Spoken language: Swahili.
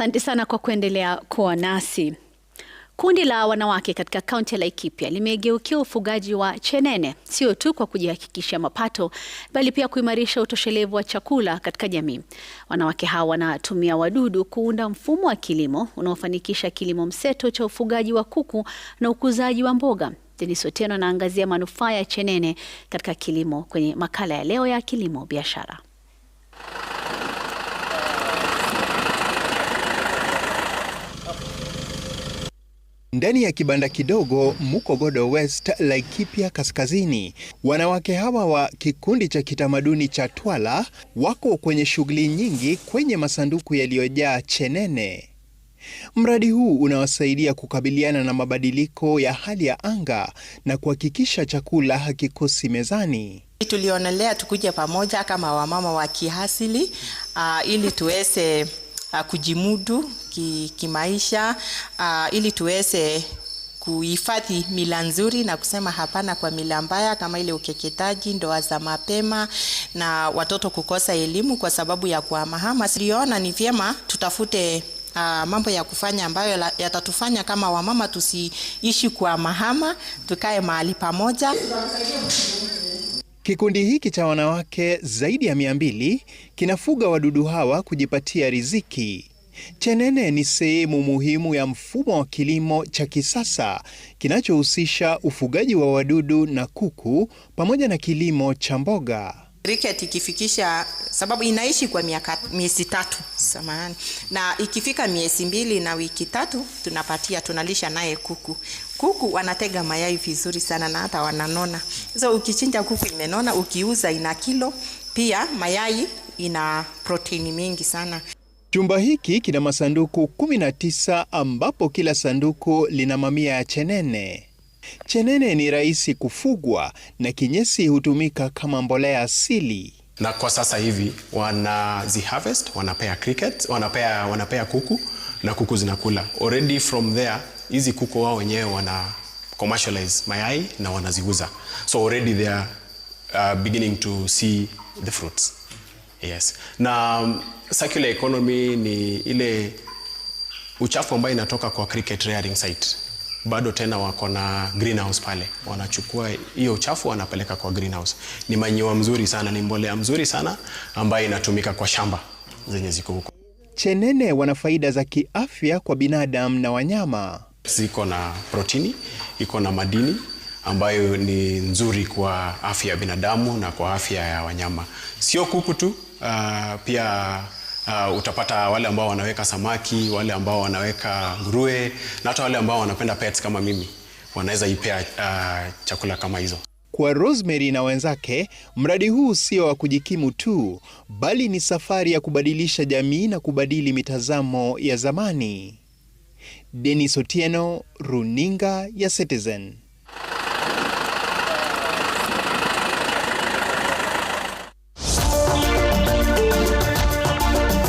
Asante sana kwa kuendelea kuwa nasi. Kundi la wanawake katika kaunti ya Laikipia limegeukia ufugaji wa chenene, sio tu kwa kujihakikishia mapato, bali pia kuimarisha utoshelevu wa chakula katika jamii. Wanawake hawa wanatumia wadudu kuunda mfumo wa kilimo unaofanikisha kilimo mseto cha ufugaji wa kuku na ukuzaji wa mboga. Denis Otieno anaangazia manufaa ya chenene katika kilimo kwenye makala ya leo ya Kilimo Biashara. Ndani ya kibanda kidogo godo West, Laikipia Kaskazini, wanawake hawa wa kikundi cha kitamaduni cha Twala wako kwenye shughuli nyingi kwenye masanduku yaliyojaa chenene. Mradi huu unawasaidia kukabiliana na mabadiliko ya hali ya anga na kuhakikisha chakula hakikosi mezani. Tulionelea tukuje pamoja kama wamama wa kiasili uh, ili tuweze uh, kujimudu kimaisha uh, ili tuweze kuhifadhi mila nzuri na kusema hapana kwa mila mbaya kama ile ukeketaji, ndoa za mapema na watoto kukosa elimu kwa sababu ya kuhamahama. Tuliona ni vyema tutafute Uh, mambo ya kufanya ambayo yatatufanya kama wamama tusiishi mahama, tukae mahali pamoja. Kikundi hiki cha wanawake zaidi ya mia mbili kinafuga wadudu hawa kujipatia riziki. Chenene ni sehemu muhimu ya mfumo wa kilimo cha kisasa kinachohusisha ufugaji wa wadudu na kuku pamoja na kilimo cha mboga. Cricket ikifikisha sababu inaishi kwa miaka miezi tatu samahani, na ikifika miezi mbili na wiki tatu tunapatia tunalisha naye kuku. Kuku wanatega mayai vizuri sana na hata wananona, so ukichinja kuku imenona, ukiuza ina kilo pia, mayai ina protini mingi sana. Chumba hiki kina masanduku 19 ambapo kila sanduku lina mamia ya chenene. Chenene ni rahisi kufugwa na kinyesi hutumika kama mbolea asili, na kwa sasa hivi wana wanazi harvest, wanapea cricket, wanapea, wanapea kuku na kuku zinakula already from there. Hizi kuku wao wenyewe wana commercialize mayai na wanaziuza, so already they are uh, beginning to see the fruits. Yes. Na um, circular economy ni ile uchafu ambayo inatoka kwa cricket rearing site. Bado tena wako na greenhouse pale, wanachukua hiyo uchafu wanapeleka kwa greenhouse. Ni manyiwa mzuri sana, ni mbolea mzuri sana ambayo inatumika kwa shamba zenye ziko huko. Chenene wana faida za kiafya kwa binadamu na wanyama. Ziko na protini, iko na madini ambayo ni nzuri kwa afya ya binadamu na kwa afya ya wanyama, sio kuku tu Uh, pia uh, utapata wale ambao wanaweka samaki, wale ambao wanaweka nguruwe na hata wale ambao wanapenda pets kama mimi wanaweza ipea uh, chakula kama hizo. Kwa Rosemary na wenzake, mradi huu sio wa kujikimu tu, bali ni safari ya kubadilisha jamii na kubadili mitazamo ya zamani. Denis Otieno, Runinga ya Citizen.